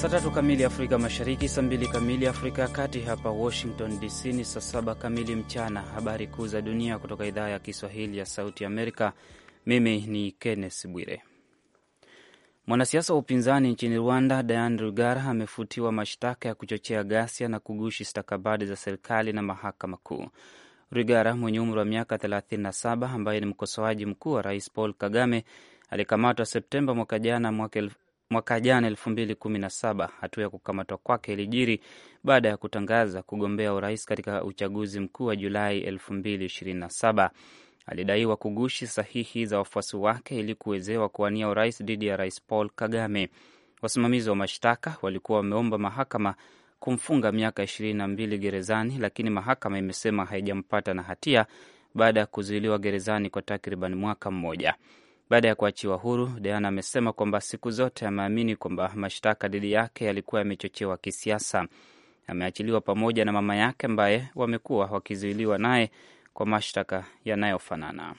Saa tatu kamili Afrika Mashariki, saa mbili kamili Afrika ya Kati. Hapa Washington DC ni saa saba kamili mchana. Habari kuu za dunia kutoka idhaa ya Kiswahili ya Sauti Amerika. Mimi ni Kenneth Bwire. Mwanasiasa wa upinzani nchini Rwanda, dian Rwigara amefutiwa mashtaka ya kuchochea ghasia na kugushi stakabadi za serikali na mahakama kuu. Rwigara mwenye umri wa miaka 37 ambaye ni mkosoaji mkuu wa rais Paul Kagame alikamatwa Septemba mwaka jana mwaka mwaka jana elfu mbili kumi na saba. Hatua ya kukamatwa kwake ilijiri baada ya kutangaza kugombea urais katika uchaguzi mkuu wa Julai elfu mbili ishirini na saba. Alidaiwa kugushi sahihi za wafuasi wake ili kuwezewa kuwania urais dhidi ya rais Paul Kagame. Wasimamizi wa mashtaka walikuwa wameomba mahakama kumfunga miaka ishirini na mbili gerezani, lakini mahakama imesema haijampata na hatia baada ya kuzuiliwa gerezani kwa takriban mwaka mmoja. Baada ya kuachiwa huru, Dean amesema kwamba siku zote ameamini kwamba mashtaka dhidi yake yalikuwa yamechochewa kisiasa. Ameachiliwa pamoja na mama yake ambaye wamekuwa wakizuiliwa naye kwa mashtaka yanayofanana.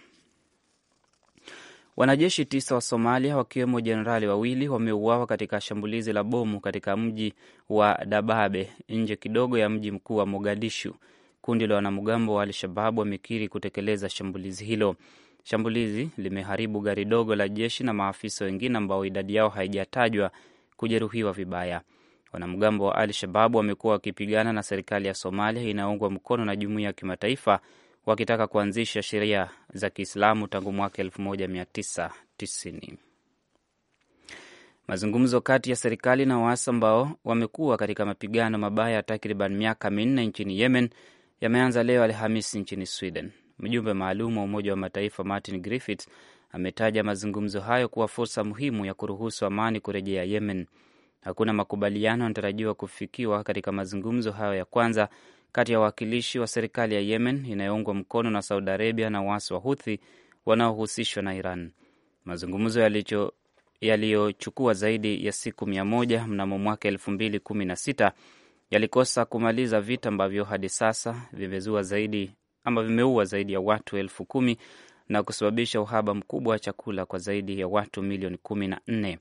Wanajeshi tisa wa Somalia wakiwemo jenerali wawili wameuawa katika shambulizi la bomu katika mji wa Dababe nje kidogo ya mji mkuu wa Mogadishu. Kundi la wanamgambo wa al shababu wamekiri kutekeleza shambulizi hilo. Shambulizi limeharibu gari dogo la jeshi na maafisa wengine ambao idadi yao haijatajwa kujeruhiwa vibaya. Wanamgambo wa Al Shababu wamekuwa wakipigana na serikali ya Somalia inayoungwa mkono na jumuiya ya kimataifa wakitaka kuanzisha sheria za Kiislamu tangu mwaka 1990. Mazungumzo kati ya serikali na waasi ambao wamekuwa katika mapigano mabaya ya takriban miaka minne nchini Yemen yameanza leo Alhamisi nchini Sweden. Mjumbe maalum wa Umoja wa Mataifa Martin Griffiths ametaja mazungumzo hayo kuwa fursa muhimu ya kuruhusu amani kurejea Yemen. Hakuna makubaliano yanatarajiwa kufikiwa katika mazungumzo hayo ya kwanza kati ya wawakilishi wa serikali ya Yemen inayoungwa mkono na Saudi Arabia na waasi wa Huthi wanaohusishwa na Iran. Mazungumzo yaliyochukua zaidi ya siku mia moja mnamo mwaka elfu mbili kumi na sita yalikosa kumaliza vita ambavyo hadi sasa vimezua zaidi ama vimeua zaidi ya watu elfu kumi na kusababisha uhaba mkubwa wa chakula kwa zaidi ya watu milioni kumi na nne.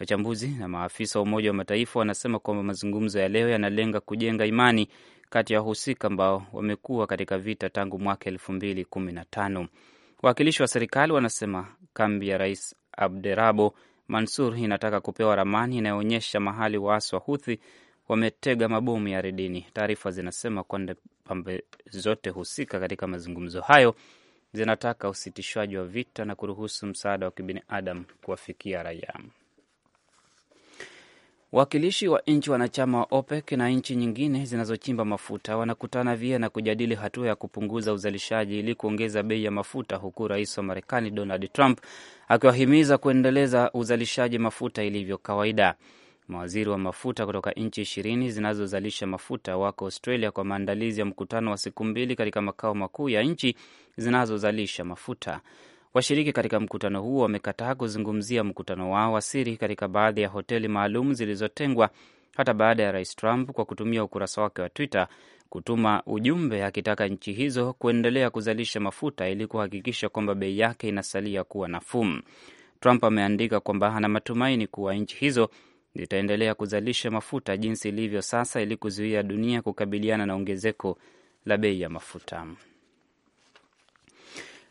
Wachambuzi na maafisa wa Umoja wa Mataifa wanasema kwamba mazungumzo ya leo yanalenga kujenga imani kati ya wahusika ambao wamekuwa katika vita tangu mwaka elfu mbili kumi na tano. Wawakilishi wa serikali wanasema kambi ya Rais Abderabo Mansur inataka kupewa ramani inayoonyesha mahali waasi wa Huthi wametega mabomu ya redini. Taarifa zinasema kwamba pambe zote husika katika mazungumzo hayo zinataka usitishwaji wa vita na kuruhusu msaada wa kibinadamu kuwafikia raia. Wawakilishi wa nchi wanachama wa OPEC na nchi nyingine zinazochimba mafuta wanakutana Vienna kujadili hatua ya kupunguza uzalishaji ili kuongeza bei ya mafuta, huku rais wa Marekani Donald Trump akiwahimiza kuendeleza uzalishaji mafuta ilivyo kawaida. Mawaziri wa mafuta kutoka nchi ishirini zinazozalisha mafuta wako Australia kwa maandalizi ya mkutano wa siku mbili katika makao makuu ya nchi zinazozalisha mafuta. Washiriki katika mkutano huo wamekataa kuzungumzia mkutano wao wa siri katika baadhi ya hoteli maalum zilizotengwa hata baada ya Rais Trump kwa kutumia ukurasa wake wa Twitter kutuma ujumbe akitaka nchi hizo kuendelea kuzalisha mafuta ili kuhakikisha kwamba bei yake inasalia kuwa nafuu. Trump ameandika kwamba ana matumaini kuwa nchi hizo litaendelea kuzalisha mafuta jinsi ilivyo sasa ili kuzuia dunia kukabiliana na ongezeko la bei ya mafuta.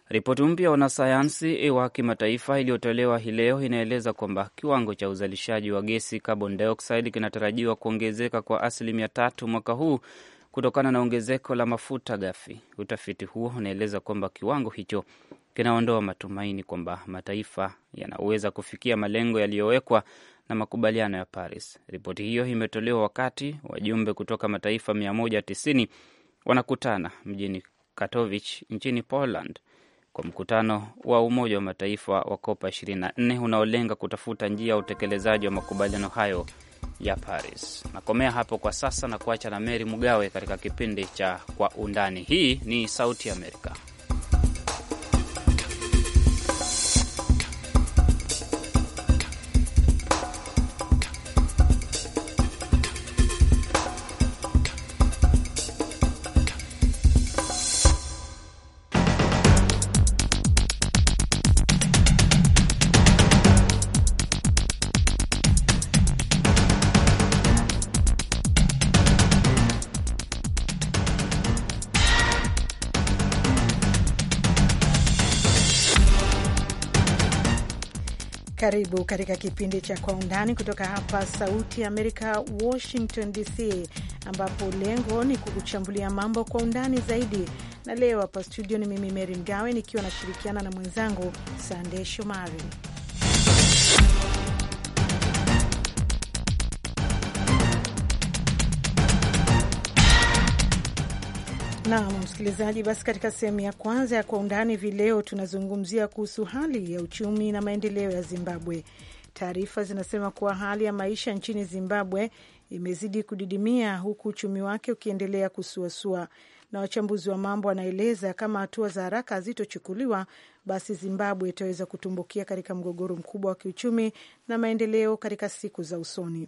Ripoti mpya ya wanasayansi wa kimataifa iliyotolewa hii leo inaeleza kwamba kiwango cha uzalishaji wa gesi carbon dioxide kinatarajiwa kuongezeka kwa asilimia tatu mwaka huu kutokana na ongezeko la mafuta ghafi. Utafiti huo unaeleza kwamba kiwango hicho kinaondoa matumaini kwamba mataifa yanaweza kufikia malengo yaliyowekwa na makubaliano ya Paris. Ripoti hiyo imetolewa wakati wajumbe kutoka mataifa 190 wanakutana mjini Katowice nchini Poland kwa mkutano wa Umoja wa Mataifa wa Kopa 24 unaolenga kutafuta njia ya utekelezaji wa makubaliano hayo ya Paris. Nakomea hapo kwa sasa na kuacha na Meri mgawe katika kipindi cha Kwa Undani. Hii ni Sauti Amerika. Karibu katika kipindi cha Kwa Undani kutoka hapa Sauti ya Amerika, Washington DC, ambapo lengo ni kukuchambulia mambo kwa undani zaidi. Na leo hapa studio ni mimi mery Mgawe nikiwa nashirikiana na mwenzangu Sandey Shomari. Naam msikilizaji, basi katika sehemu ya kwanza ya kwa undani hivi leo tunazungumzia kuhusu hali ya uchumi na maendeleo ya Zimbabwe. Taarifa zinasema kuwa hali ya maisha nchini Zimbabwe imezidi kudidimia, huku uchumi wake ukiendelea kusuasua, na wachambuzi wa mambo wanaeleza kama hatua za haraka hazitochukuliwa, basi Zimbabwe itaweza kutumbukia katika mgogoro mkubwa wa kiuchumi na maendeleo katika siku za usoni.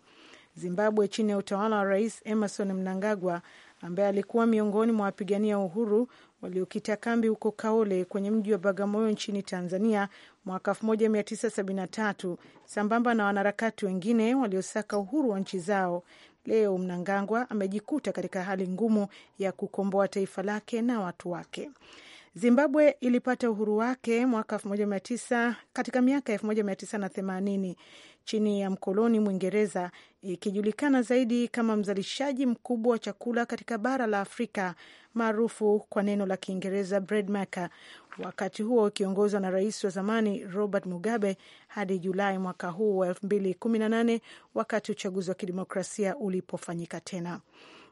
Zimbabwe chini ya utawala wa Rais Emerson Mnangagwa ambaye alikuwa miongoni mwa wapigania uhuru waliokita kambi huko Kaole kwenye mji wa Bagamoyo nchini Tanzania mwaka 1973 sambamba na wanaharakati wengine waliosaka uhuru wa nchi zao. Leo Mnangagwa amejikuta katika hali ngumu ya kukomboa taifa lake na watu wake. Zimbabwe ilipata uhuru wake mwaka tisa katika miaka themanini chini ya mkoloni Mwingereza, ikijulikana zaidi kama mzalishaji mkubwa wa chakula katika bara la Afrika, maarufu kwa neno la Kiingereza breadmaker, wakati huo ikiongozwa na rais wa zamani Robert Mugabe hadi Julai mwaka huu wa nane wakati uchaguzi wa kidemokrasia ulipofanyika tena.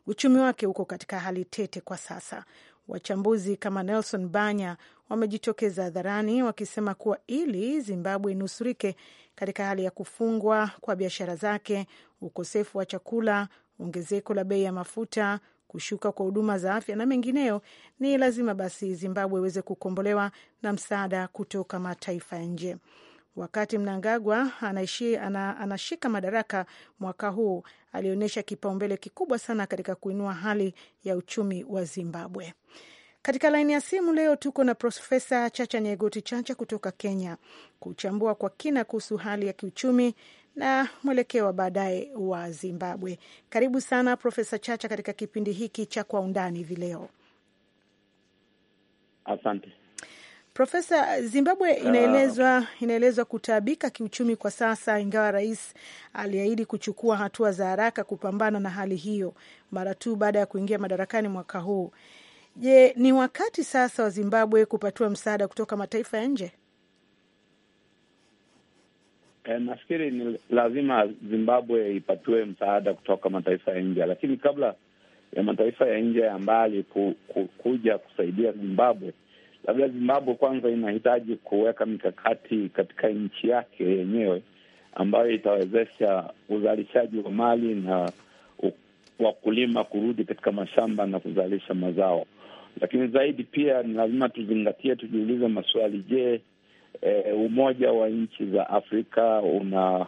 Uchumi wake uko katika hali tete kwa sasa Wachambuzi kama Nelson Banya wamejitokeza hadharani wakisema kuwa ili Zimbabwe inusurike katika hali ya kufungwa kwa biashara zake, ukosefu wa chakula, ongezeko la bei ya mafuta, kushuka kwa huduma za afya na mengineyo, ni lazima basi Zimbabwe iweze kukombolewa na msaada kutoka mataifa ya nje. Wakati Mnangagwa anaishi, ana, anashika madaraka mwaka huu, alionyesha kipaumbele kikubwa sana katika kuinua hali ya uchumi wa Zimbabwe. Katika laini ya simu leo tuko na Profesa Chacha Nyegoti Chacha kutoka Kenya kuchambua kwa kina kuhusu hali ya kiuchumi na mwelekeo wa baadaye wa Zimbabwe. Karibu sana Profesa Chacha katika kipindi hiki cha Kwa Undani hivi leo. Asante. Profesa, Zimbabwe inaelezwa inaelezwa kutaabika kiuchumi kwa sasa, ingawa rais aliahidi kuchukua hatua za haraka kupambana na hali hiyo mara tu baada ya kuingia madarakani mwaka huu. Je, ni wakati sasa wa Zimbabwe kupatiwa msaada kutoka mataifa ya nje? E, nafikiri ni lazima Zimbabwe ipatiwe msaada kutoka mataifa ya nje, lakini kabla ya mataifa ya nje ya mbali ku, ku, kuja kusaidia Zimbabwe labda Zimbabwe kwanza inahitaji kuweka mikakati katika nchi yake yenyewe ambayo itawezesha uzalishaji wa mali na wakulima kurudi katika mashamba na kuzalisha mazao. Lakini zaidi pia ni lazima tuzingatie, tujiulize maswali. Je, e, umoja wa nchi za Afrika una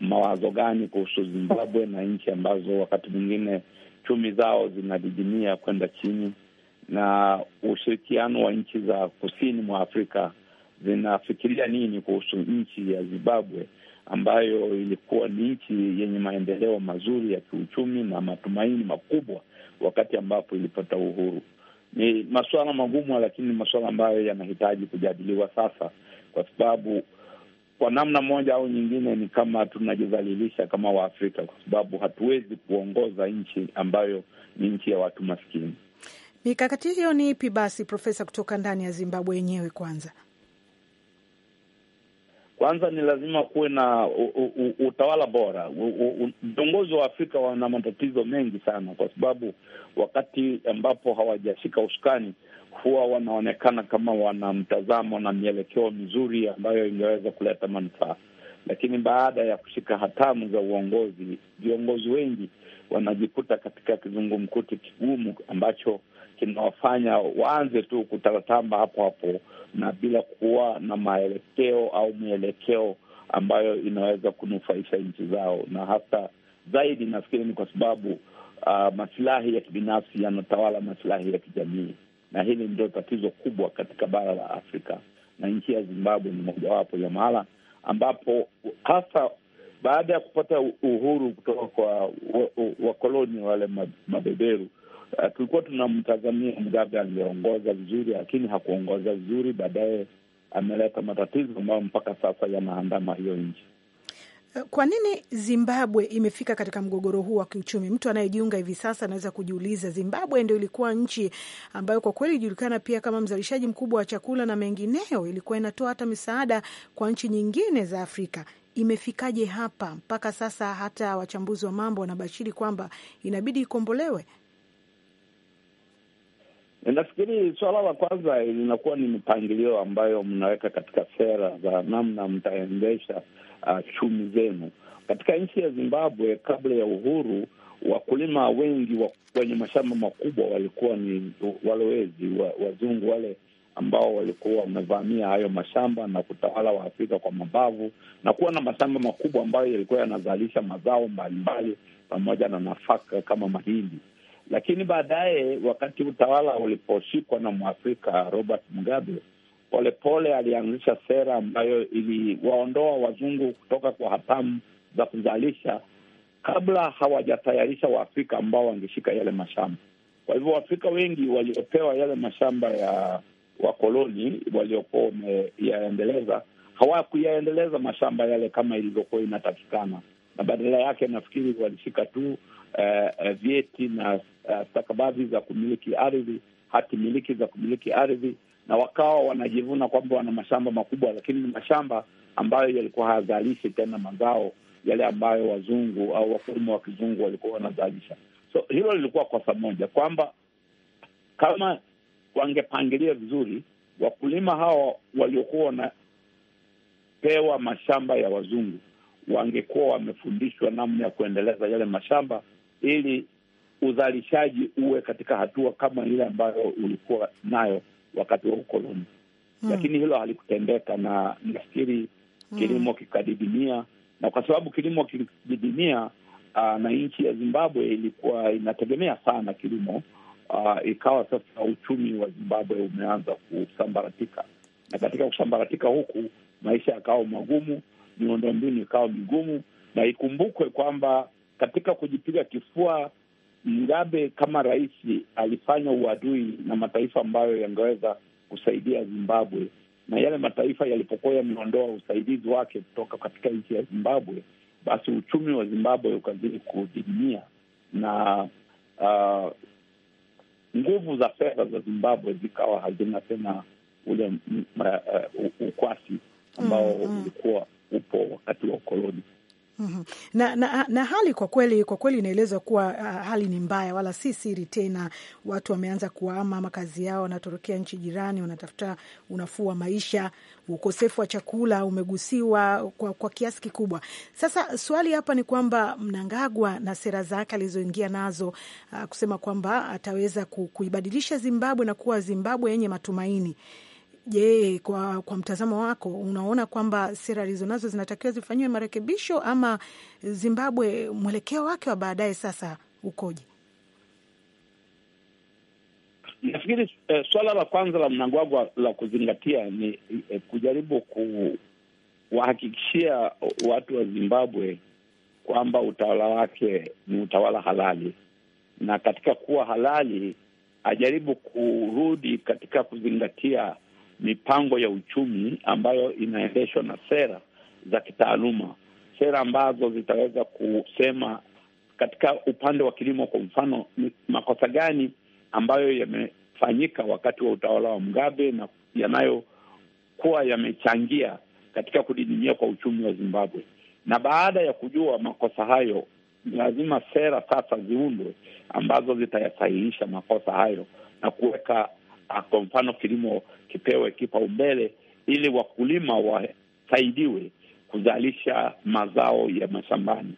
mawazo gani kuhusu Zimbabwe na nchi ambazo wakati mwingine chumi zao zinadidimia kwenda chini? na ushirikiano wa nchi za kusini mwa Afrika zinafikiria nini kuhusu nchi ya Zimbabwe ambayo ilikuwa ni nchi yenye maendeleo mazuri ya kiuchumi na matumaini makubwa wakati ambapo ilipata uhuru. Ni masuala magumu, lakini ni masuala ambayo yanahitaji kujadiliwa sasa, kwa sababu kwa namna moja au nyingine ni kama tunajidhalilisha kama Waafrika, kwa sababu hatuwezi kuongoza nchi ambayo ni nchi ya watu maskini. Mikakati hiyo ni ipi basi, Profesa, kutoka ndani ya Zimbabwe yenyewe? Kwanza kwanza ni lazima kuwe na u, u, utawala bora. Viongozi wa Afrika wana matatizo mengi sana, kwa sababu wakati ambapo hawajashika usukani huwa wanaonekana kama wana mtazamo na mielekeo mizuri ambayo ingeweza kuleta manufaa, lakini baada ya kushika hatamu za uongozi, viongozi wengi wanajikuta katika kizungumkuti kigumu ambacho kinawafanya waanze tu kutaratamba hapo hapo na bila kuwa na maelekeo au mielekeo ambayo inaweza kunufaisha nchi zao, na hasa zaidi nafikiri ni kwa sababu uh, ah, masilahi ya kibinafsi yanatawala masilahi ya kijamii, na hili ndio tatizo kubwa katika bara la Afrika, na nchi ya Zimbabwe ni mojawapo ya mahala ambapo hasa baada ya kupata uhuru kutoka kwa wakoloni wale mabeberu Eh, tulikuwa tunamtazamia Mgabe aliongoza vizuri, lakini hakuongoza vizuri. Baadaye ameleta matatizo ambayo mpaka sasa yanaandama hiyo nchi. Eh, kwa nini Zimbabwe imefika katika mgogoro huu wa kiuchumi? Mtu anayejiunga hivi sasa anaweza kujiuliza, Zimbabwe ndio ilikuwa nchi ambayo kwa kweli ilijulikana pia kama mzalishaji mkubwa wa chakula na mengineo, ilikuwa inatoa hata misaada kwa nchi nyingine za Afrika. Imefikaje hapa mpaka sasa? Hata wachambuzi wa mambo wanabashiri kwamba inabidi ikombolewe. Eh, nafikiri suala la kwanza linakuwa ni mipangilio ambayo mnaweka katika sera za namna mtaendesha uh, chumi zenu. Katika nchi ya Zimbabwe kabla ya uhuru, wakulima wengi wenye mashamba makubwa walikuwa ni walowezi wa, wazungu wale ambao walikuwa wamevamia hayo mashamba na kutawala Waafrika kwa mabavu na kuwa na mashamba makubwa ambayo yalikuwa yanazalisha mazao mbalimbali pamoja na nafaka kama mahindi. Lakini baadaye wakati utawala uliposhikwa na Mwafrika Robert Mugabe, polepole alianzisha sera ambayo iliwaondoa wazungu kutoka kwa hatamu za kuzalisha kabla hawajatayarisha Waafrika ambao wangeshika yale mashamba. Kwa hivyo Waafrika wengi waliopewa yale mashamba ya wakoloni waliokuwa wameyaendeleza hawakuyaendeleza mashamba yale kama ilivyokuwa inatakikana, na badala yake nafikiri walishika tu uh, vyeti na uh, stakabadhi za kumiliki ardhi, hati miliki za kumiliki ardhi, na wakawa wanajivuna kwamba wana mashamba makubwa, lakini ni mashamba ambayo yalikuwa hayazalishi tena mazao yale ambayo wazungu au wakulima wa kizungu walikuwa wanazalisha. So hilo lilikuwa kosa moja, kwamba kama wangepangilia vizuri, wakulima hawa waliokuwa wanapewa mashamba ya wazungu wangekuwa wamefundishwa namna ya kuendeleza yale mashamba ili uzalishaji uwe katika hatua kama ile ambayo ulikuwa nayo wakati wa ukoloni hmm. Lakini hilo halikutendeka, na nafikiri hmm. kilimo hmm. kikadidimia, na kwa sababu kilimo kilididimia, uh, ah, na nchi ya Zimbabwe ilikuwa inategemea sana kilimo uh, ikawa sasa uchumi wa Zimbabwe umeanza kusambaratika, na katika kusambaratika huku maisha yakawa magumu, miundombinu ikawa migumu, na ikumbukwe kwamba katika kujipiga kifua, mgabe kama rais alifanya uadui na mataifa ambayo yangeweza kusaidia Zimbabwe, na yale mataifa yalipokuwa yameondoa usaidizi wake kutoka katika nchi ya Zimbabwe, basi uchumi wa Zimbabwe ukazidi kudidimia na uh, nguvu za fedha za Zimbabwe zikawa hazina tena ule uh, ukwasi ambao mm -hmm. ulikuwa upo wakati wa ukoloni. Mhm. Na, na, na hali kwa kweli kwa kweli inaelezwa kuwa uh, hali ni mbaya, wala si siri tena. Watu wameanza kuhama makazi yao, wanatorokea nchi jirani, wanatafuta unafuu wa maisha. Ukosefu wa chakula umegusiwa kwa, kwa kiasi kikubwa. Sasa swali hapa ni kwamba Mnangagwa na sera zake alizoingia nazo, uh, kusema kwamba ataweza kuibadilisha Zimbabwe na kuwa Zimbabwe yenye matumaini Je, kwa, kwa mtazamo wako unaona kwamba sera nazo zinatakiwa zifanyiwe marekebisho ama Zimbabwe mwelekeo wake wa baadaye sasa ukoje? Nafikiri eh, suala la kwanza la mlango wangu la kuzingatia ni eh, kujaribu kuwahakikishia watu wa Zimbabwe kwamba utawala wake ni utawala halali, na katika kuwa halali ajaribu kurudi katika kuzingatia mipango ya uchumi ambayo inaendeshwa na sera za kitaaluma, sera ambazo zitaweza kusema katika upande wa kilimo, kwa mfano, ni makosa gani ambayo yamefanyika wakati wa utawala wa Mugabe na yanayokuwa yamechangia katika kudidimia kwa uchumi wa Zimbabwe. Na baada ya kujua makosa hayo, lazima sera sasa ziundwe ambazo zitayasahihisha makosa hayo na kuweka Ah, kwa mfano kilimo kipewe kipaumbele, ili wakulima wasaidiwe kuzalisha mazao ya mashambani.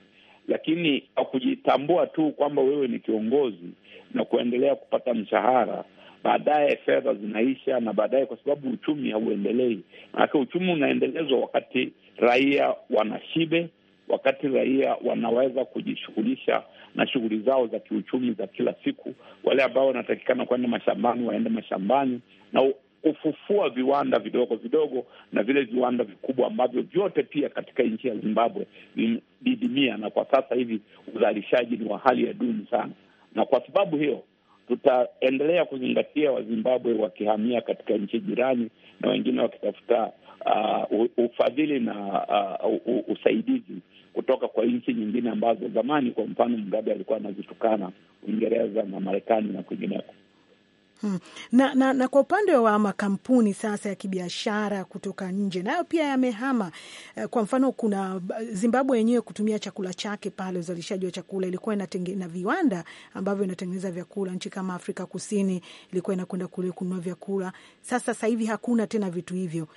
Lakini kwa kujitambua tu kwamba wewe ni kiongozi na kuendelea kupata mshahara, baadaye fedha zinaisha, na baadaye kwa sababu uchumi hauendelei, manake uchumi unaendelezwa wakati raia wanashibe wakati raia wanaweza kujishughulisha na shughuli zao za kiuchumi za kila siku. Wale ambao wanatakikana kwenda mashambani waende mashambani na kufufua viwanda vidogo vidogo na vile viwanda vikubwa ambavyo vyote pia katika nchi ya Zimbabwe vimedidimia, na kwa sasa hivi uzalishaji ni wa hali ya duni sana. Na kwa sababu hiyo tutaendelea kuzingatia Wazimbabwe wakihamia katika nchi jirani na wengine wakitafuta uh, ufadhili na uh, usaidizi kutoka kwa nchi nyingine ambazo zamani, kwa mfano, Mgabe alikuwa anazitukana Uingereza na Marekani na kwingineko. Hmm. Na, na, na kwa upande wa makampuni sasa ya kibiashara kutoka nje nayo pia yamehama. Eh, kwa mfano, kuna Zimbabwe yenyewe kutumia chakula chake pale, uzalishaji wa chakula ilikuwa inatengeneza viwanda ambavyo inatengeneza vyakula. Nchi kama Afrika Kusini ilikuwa inakwenda kule kununua vyakula. Sasa sasa hivi hakuna tena vitu hivyo.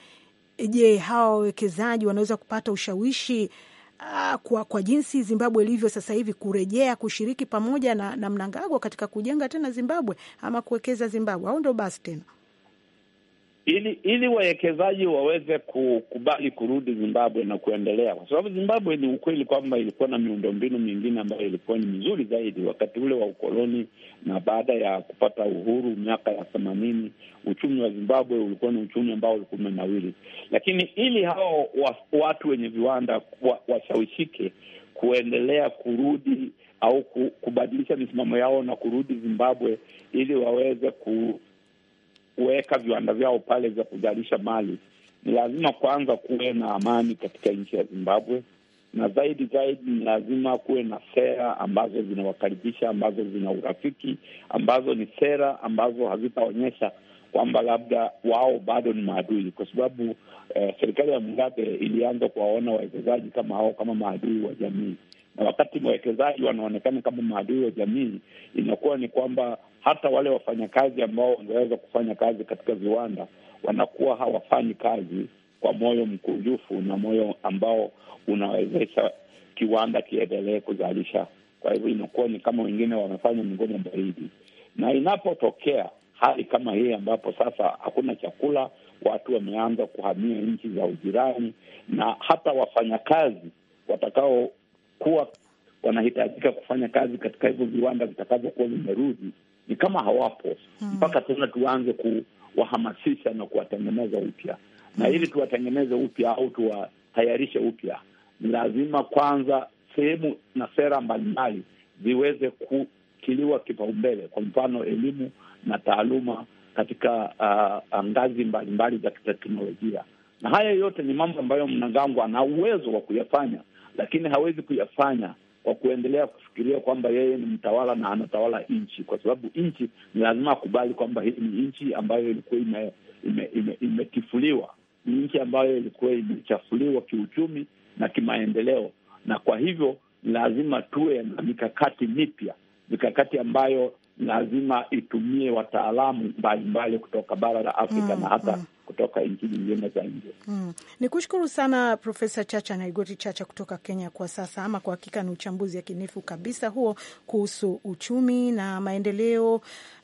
Je, hawa wawekezaji wanaweza kupata ushawishi Ah, kwa, kwa jinsi Zimbabwe ilivyo sasa hivi kurejea kushiriki pamoja na, na Mnangagwa katika kujenga tena Zimbabwe ama kuwekeza Zimbabwe au ndo basi tena ili ili wawekezaji waweze kukubali kurudi Zimbabwe na kuendelea, kwa sababu Zimbabwe ni ukweli kwamba ilikuwa na miundombinu mingine ambayo ilikuwa ni mizuri zaidi wakati ule wa ukoloni na baada ya kupata uhuru miaka ya themanini, uchumi wa Zimbabwe ulikuwa ni uchumi ambao ulikuwa umenawiri. Lakini ili hao watu wenye viwanda washawishike kuendelea kurudi au kubadilisha misimamo yao na kurudi Zimbabwe ili waweze ku kuweka viwanda vyao pale vya kuzalisha mali, ni lazima kwanza kuwe na amani katika nchi ya Zimbabwe, na zaidi zaidi ni lazima kuwe na sera ambazo zinawakaribisha, ambazo zina urafiki, ambazo ni sera ambazo hazitaonyesha kwamba labda wao bado ni maadui, kwa sababu eh, serikali ya Mugabe ilianza kuwaona wawekezaji kama hao kama maadui wa jamii, na wakati wawekezaji wanaonekana kama maadui wa jamii, inakuwa ni kwamba hata wale wafanyakazi ambao wangeweza kufanya kazi katika viwanda wanakuwa hawafanyi kazi kwa moyo mkunjufu na moyo ambao unawezesha kiwanda kiendelee kuzalisha. Kwa hivyo inakuwa ni kama wengine wamefanya mgomo baridi, na inapotokea hali kama hii ambapo sasa hakuna chakula, watu wameanza kuhamia nchi za ujirani, na hata wafanyakazi watakaokuwa wanahitajika kufanya kazi katika hivyo viwanda vitakavyokuwa vimerudi ni kama hawapo hmm. mpaka tena tuanze kuwahamasisha na kuwatengeneza upya. Na hmm. ili tuwatengeneze upya au tuwatayarishe upya, ni lazima kwanza sehemu na sera mbalimbali ziweze kukiliwa kipaumbele, kwa mfano elimu na taaluma katika uh, uh ngazi mbalimbali za kiteknolojia. Na haya yote ni mambo ambayo mnangangwa ana uwezo wa kuyafanya, lakini hawezi kuyafanya kwa kuendelea kufikiria kwamba yeye ni mtawala na anatawala nchi, kwa sababu nchi ni lazima akubali kwamba hii ni nchi ambayo ilikuwa imetifuliwa ime, ime, ime ni nchi ambayo ilikuwa imechafuliwa kiuchumi na kimaendeleo, na kwa hivyo lazima tuwe na mikakati mipya, mikakati ambayo lazima itumie wataalamu mbalimbali kutoka bara la Afrika mm, na hata mm kutoka nchi nyingine za nje. Mm. Ni kushukuru sana Profesa Chacha Naigoti Chacha kutoka Kenya kwa sasa. Ama kwa hakika ni uchambuzi yakinifu kabisa huo kuhusu uchumi na maendeleo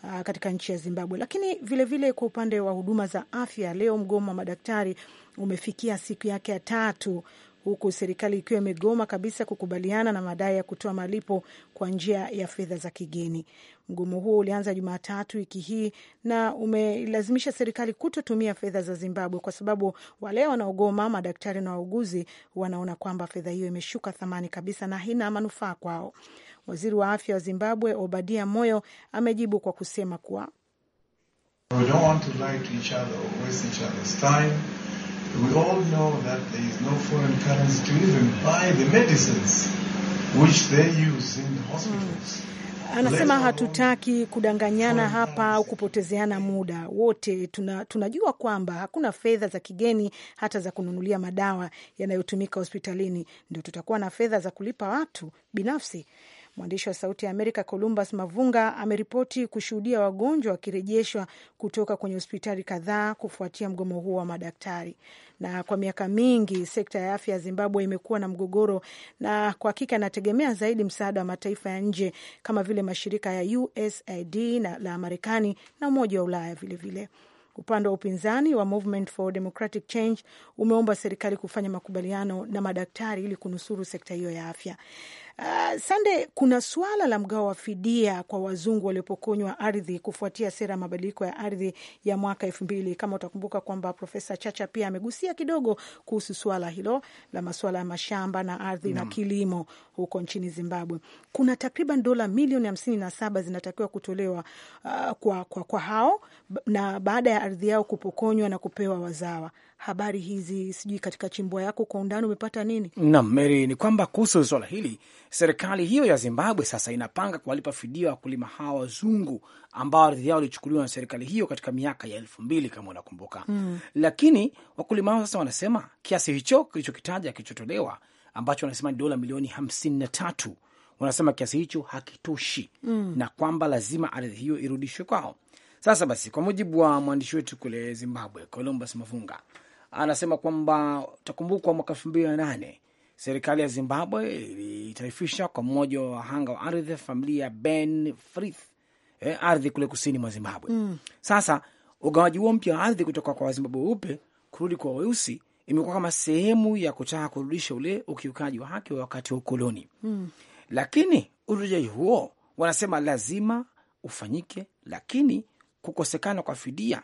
uh, katika nchi ya Zimbabwe. Lakini vilevile kwa upande wa huduma za afya, leo mgomo wa madaktari umefikia siku yake ya tatu huku serikali ikiwa imegoma kabisa kukubaliana na madai ya kutoa malipo kwa njia ya fedha za kigeni. Mgomo huo ulianza Jumatatu wiki hii na umelazimisha serikali kutotumia fedha za Zimbabwe kwa sababu wale wanaogoma, madaktari na wauguzi, wanaona kwamba fedha hiyo imeshuka thamani kabisa na haina manufaa kwao. Waziri wa afya wa Zimbabwe Obadia Moyo amejibu kwa kusema kuwa We don't want to lie to each other or waste each other's time we all know that there is no foreign currency to even buy the medicines which they use in hospitals. Mm. Anasema hatutaki kudanganyana hapa au kupotezeana muda. Wote tuna, tunajua kwamba hakuna fedha za kigeni hata za kununulia madawa yanayotumika hospitalini. Ndio tutakuwa na fedha za kulipa watu binafsi? Mwandishi wa Sauti ya Amerika Columbus Mavunga ameripoti kushuhudia wagonjwa wakirejeshwa kutoka kwenye hospitali kadhaa kufuatia mgomo huo wa madaktari. Na kwa miaka mingi sekta ya afya ya Zimbabwe imekuwa na mgogoro, na kwa hakika inategemea zaidi msaada wa mataifa ya nje kama vile mashirika ya USAID na la Marekani na Umoja wa Ulaya vilevile. Upande wa upinzani wa Movement for Democratic Change umeomba serikali kufanya makubaliano na madaktari ili kunusuru sekta hiyo ya afya. Uh, Sande, kuna swala la mgao wa fidia kwa wazungu waliopokonywa ardhi kufuatia sera ya mabadiliko ya ardhi ya mwaka elfu mbili. Kama utakumbuka kwamba Profesa Chacha pia amegusia kidogo kuhusu swala hilo la masuala ya mashamba na ardhi na kilimo huko nchini Zimbabwe. Kuna takriban dola milioni hamsini na saba zinatakiwa kutolewa uh, kwa, kwa, kwa hao na baada ya ardhi yao kupokonywa na kupewa wazawa habari hizi, sijui katika chimbo yako kwa undani umepata nini? Naam, Mary, ni kwamba kuhusu swala hili, serikali hiyo ya Zimbabwe sasa inapanga kuwalipa fidia wakulima hawa wazungu ambao ardhi yao ilichukuliwa na serikali hiyo katika miaka ya elfu mbili kama unakumbuka. Mm. Lakini wakulima hao sasa wanasema kiasi hicho kilichokitaja kilichotolewa ambacho wanasema ni dola milioni hamsini na tatu wanasema kiasi hicho hakitoshi mm, na kwamba lazima ardhi hiyo irudishwe kwao. Sasa basi, kwa mujibu wa mwandishi wetu kule Zimbabwe, Columbus Mavunga, anasema kwamba takumbukwa mwaka elfu mbili na nane serikali ya Zimbabwe ilitaifisha kwa mmoja wa wahanga wa ardhi familia ya Ben Frith eh, ardhi kule kusini mwa Zimbabwe mm. Sasa ugawaji huo mpya wa ardhi kutoka kwa Wazimbabwe weupe kurudi kwa weusi imekuwa kama sehemu ya kutaka kurudisha ule ukiukaji wa haki wa wakati wa ukoloni mm. Lakini urejeshi huo wanasema lazima ufanyike, lakini kukosekana kwa fidia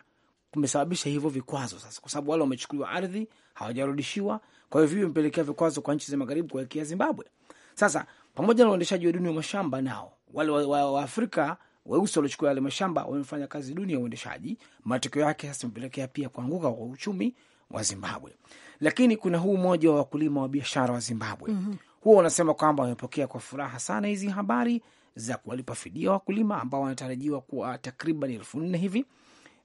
kumesababisha hivyo vikwazo sasa, kwa sababu wale wamechukuliwa ardhi hawajarudishiwa. Kwa hivyo imepelekea vikwazo kwa nchi za magharibi kuelekea Zimbabwe. Sasa pamoja na uendeshaji wa duni wa mashamba, nao wale Waafrika wa, wa weusi waliochukua yale mashamba wamefanya kazi duni ya uendeshaji. Matokeo yake sasa imepelekea pia kuanguka kwa uchumi wa Zimbabwe. Lakini kuna huu mmoja wa wakulima wa biashara wa Zimbabwe mm -hmm. huwa wanasema kwamba wamepokea kwa furaha sana hizi habari za kuwalipa fidia wakulima ambao wanatarajiwa kuwa takriban elfu nne hivi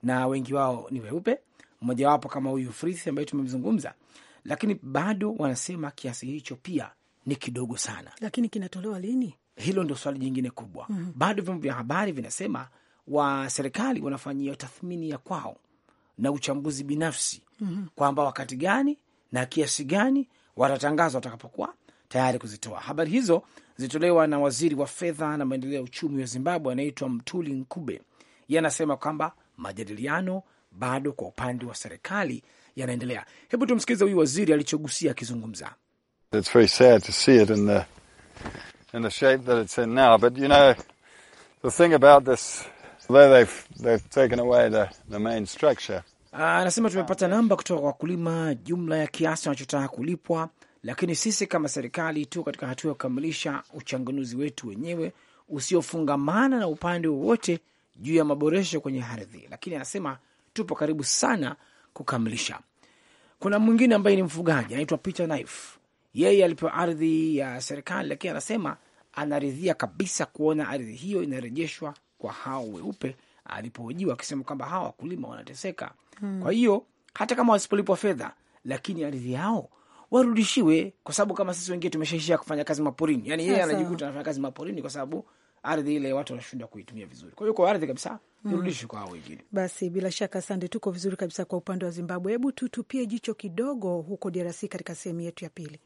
na wengi wao ni weupe, mmojawapo kama huyu Frith ambaye tumemzungumza, lakini bado wanasema kiasi hicho pia ni kidogo sana. Lakini kinatolewa lini? Hilo ndo swali jingine kubwa. mm -hmm. Bado vyombo vya habari vinasema wa serikali wanafanyia tathmini ya kwao na uchambuzi binafsi mm -hmm. kwamba wakati gani na kiasi gani watatangaza watakapokuwa tayari kuzitoa. Habari hizo zilitolewa na waziri wa fedha na maendeleo ya uchumi wa Zimbabwe anaitwa Mtuli Nkube. Yeye anasema kwamba majadiliano bado kwa upande wa serikali yanaendelea. Hebu tumsikilize huyu waziri alichogusia akizungumza. Anasema tumepata namba kutoka kwa wakulima, jumla ya kiasi wanachotaka kulipwa, lakini sisi kama serikali tu katika hatua ya kukamilisha uchanganuzi wetu wenyewe usiofungamana na upande wowote juu ya maboresho kwenye ardhi, lakini anasema tupo karibu sana kukamilisha. Kuna mwingine ambaye ni mfugaji anaitwa Peter Knife, yeye alipewa ardhi ya serikali, lakini anasema anaridhia kabisa kuona ardhi hiyo inarejeshwa kwa hao weupe, alipohojiwa akisema kwamba hawa wakulima wanateseka hmm. Kwa hiyo hata kama wasipolipwa fedha, lakini ardhi yao warudishiwe, kwa sababu kama sisi wengine tumeshaishia kufanya kazi maporini. Yani yeye anajikuta anafanya kazi maporini kwa sababu ardhi ile watu wanashindwa kuitumia vizuri. Kwa hiyo kwa ardhi kabisa irudishwe kwa hao wengine. Basi bila shaka, asante, tuko vizuri kabisa kwa upande wa Zimbabwe. Hebu tutupie jicho kidogo huko DRC katika sehemu yetu ya pili.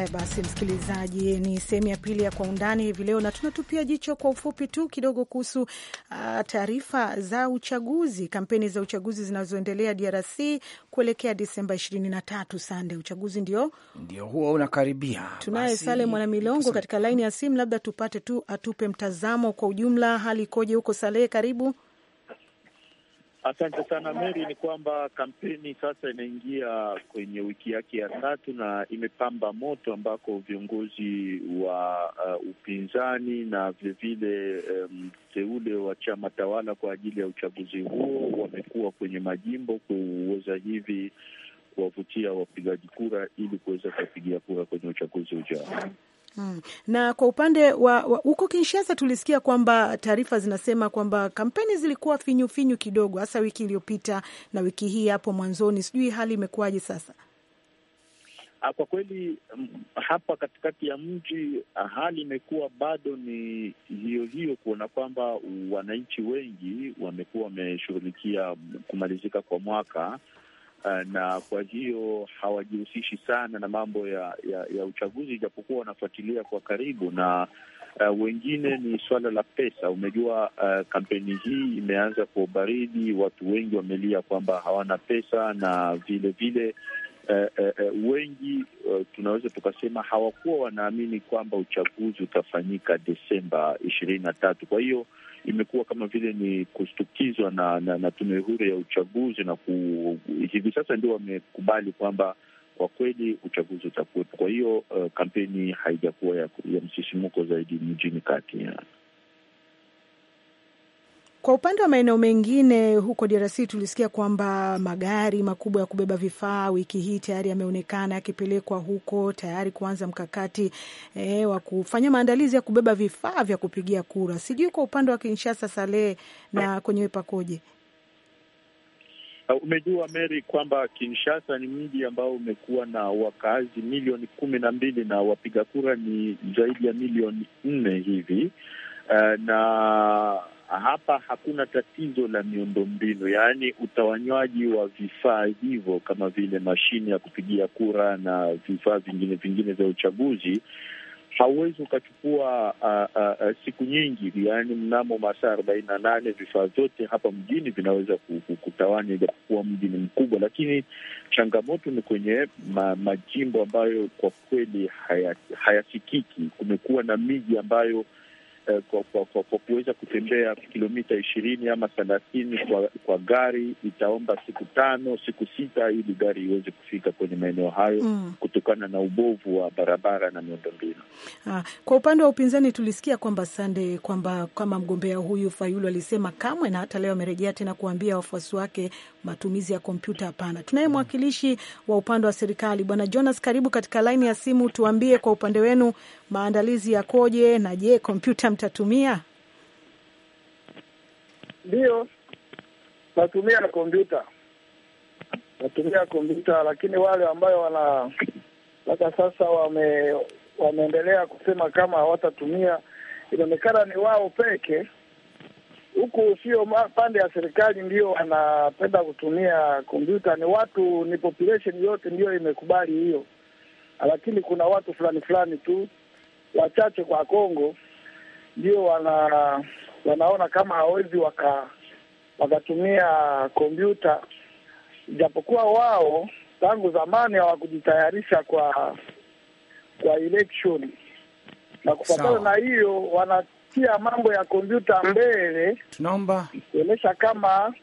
Haya basi, msikilizaji, ni sehemu ya pili ya Kwa Undani hivi leo, na tunatupia jicho kwa ufupi tu kidogo kuhusu uh, taarifa za uchaguzi, kampeni za uchaguzi zinazoendelea DRC kuelekea Disemba ishirini na tatu. Sande, uchaguzi ndio ndio huo unakaribia. Tunaye Sale Mwana Milongo katika laini ya simu, labda tupate tu atupe mtazamo kwa ujumla, hali ikoje huko Salehe? Karibu. Asante sana Mary. Ni kwamba kampeni sasa inaingia kwenye wiki yake ya tatu na imepamba moto, ambako viongozi wa uh, upinzani na vilevile mteule um, wa chama tawala kwa ajili ya uchaguzi huo wamekuwa kwenye majimbo kuweza hivi kuwavutia wapigaji kura ili kuweza kuwapigia kura kwenye uchaguzi ujao. Hmm. Na kwa upande wa huko Kinshasa tulisikia kwamba taarifa zinasema kwamba kampeni zilikuwa finyu finyu kidogo, hasa wiki iliyopita na wiki hii hapo mwanzoni. Sijui hali imekuwaje sasa? Ah, kwa kweli mm, hapa katikati ya mji ah, hali imekuwa bado ni hiyo hiyo, kuona kwamba wananchi wengi wamekuwa wameshughulikia kumalizika kwa mwaka Eh, na kwa hiyo hawajihusishi sana na mambo ya, ya, ya uchaguzi, ijapokuwa wanafuatilia kwa karibu na uh, wengine ni suala la pesa. Umejua uh, kampeni hii imeanza kwa ubaridi, watu wengi wamelia kwamba hawana pesa na vile vile uh, uh, uh, wengi uh, tunaweza tukasema hawakuwa wanaamini kwamba uchaguzi utafanyika Desemba ishirini na tatu. Kwa hiyo imekuwa kama vile ni kushtukizwa na, na, na tume huru ya uchaguzi na ku, hivi sasa ndio wamekubali kwamba kwa kweli uchaguzi utakuwepo. Kwa hiyo uh, kampeni haijakuwa ya, ya msisimuko zaidi mjini kati ya kwa upande wa maeneo mengine huko DRC tulisikia kwamba magari makubwa ya kubeba vifaa wiki hii tayari yameonekana yakipelekwa huko tayari kuanza mkakati e, wa kufanya maandalizi ya kubeba vifaa vya kupigia kura. Sijui kwa upande wa Kinshasa, Salehe, na kwenyewe pakoje? Uh, umejua Mary kwamba Kinshasa ni mji ambao umekuwa na wakaazi milioni kumi na mbili na wapiga kura ni zaidi ya milioni nne hivi uh, na hapa hakuna tatizo la miundombinu, yaani utawanywaji wa vifaa hivyo kama vile mashine ya kupigia kura na vifaa vingine vingine vya uchaguzi hauwezi ukachukua uh, uh, uh, siku nyingi, yaani mnamo masaa arobaini na nane vifaa vyote hapa mjini vinaweza kutawanya, ijapokuwa mji ni mkubwa. Lakini changamoto ni kwenye ma, majimbo ambayo kwa kweli hayasikiki. Haya, kumekuwa na miji ambayo Eh, kwa, kwa, kwa, kwa kuweza kutembea kilomita ishirini ama thelathini kwa, kwa gari itaomba siku tano siku sita ili gari iweze kufika kwenye maeneo hayo mm, kutokana na ubovu wa barabara na miundombinu. Ah, kwa upande wa upinzani tulisikia kwamba sande kwamba kama mgombea huyu Fayulu alisema kamwe, na hata leo amerejea tena kuambia wafuasi wake matumizi ya kompyuta hapana. Tunaye mm. mwakilishi wa upande wa serikali Bwana Jonas, karibu katika laini ya simu, tuambie kwa upande wenu maandalizi yakoje? Na je, kompyuta mtatumia? Ndiyo, natumia kompyuta, natumia kompyuta, lakini wale ambayo wana mpaka sasa wame, wameendelea kusema kama hawatatumia, inaonekana ni wao peke huku, sio pande ya serikali ndio wanapenda kutumia kompyuta, ni watu, ni population yote ndio imekubali hiyo, lakini kuna watu fulani fulani tu wachache kwa Kongo ndio wana, wanaona kama hawezi waka, wakatumia kompyuta, japokuwa wao tangu zamani hawakujitayarisha kwa kwa election na kufuatana na hiyo wanatia mambo ya kompyuta hmm. mbele. Tunaomba kuonyesha kama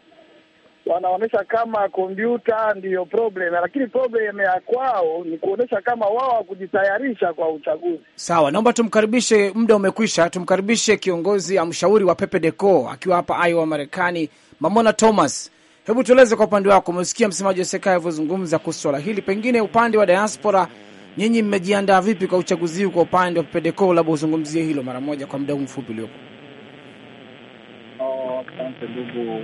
wanaonyesha kama kompyuta ndiyo problem, lakini problem ya kwao ni kuonyesha kama wao wakujitayarisha kwa uchaguzi. Sawa, naomba tumkaribishe, muda umekwisha. Tumkaribishe kiongozi mshauri wa Pepe Deco akiwa hapa Iowa, Marekani, Mamona Thomas. Hebu tueleze kwa upande wako, umesikia msemaji wa serikali alivyozungumza kuhusu swala hili, pengine upande wa diaspora, nyinyi mmejiandaa vipi kwa uchaguzi huu? Kwa upande wa Pepe Deco, labda uzungumzie hilo mara moja kwa muda huu mfupi uliopo. Oh, asante ndugu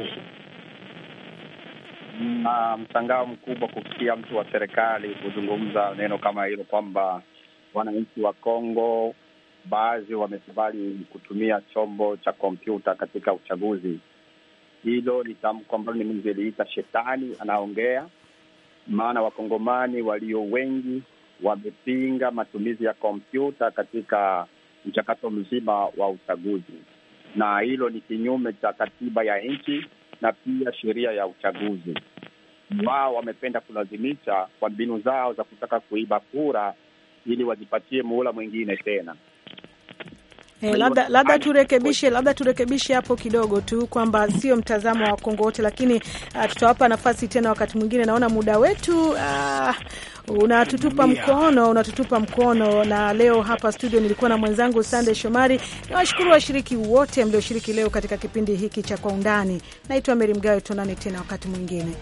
na mm. ah, mshangao mkubwa kusikia mtu wa serikali kuzungumza neno kama hilo kwamba wananchi wa Kongo baadhi wamekubali kutumia chombo cha kompyuta katika uchaguzi. Hilo ni tamko ambalo ni mimi aliita shetani anaongea, maana wakongomani walio wengi wamepinga matumizi ya kompyuta katika mchakato mzima wa uchaguzi, na hilo ni kinyume cha katiba ya nchi na pia sheria ya uchaguzi. Wao wamependa kulazimisha kwa mbinu zao za kutaka kuiba kura ili wajipatie muhula mwingine tena. Hey, eh, labda labda turekebishe labda turekebishe hapo kidogo tu kwamba sio mtazamo wa Wakongo wote, lakini uh, tutawapa nafasi tena wakati mwingine. Naona muda wetu uh, unatutupa mkono unatutupa mkono. Na leo hapa studio nilikuwa na mwenzangu Sande Shomari. washukuru washiriki wote mlioshiriki leo katika kipindi hiki cha Kwa Undani. Naitwa Meri Mgawe, tuonane tena wakati mwingine.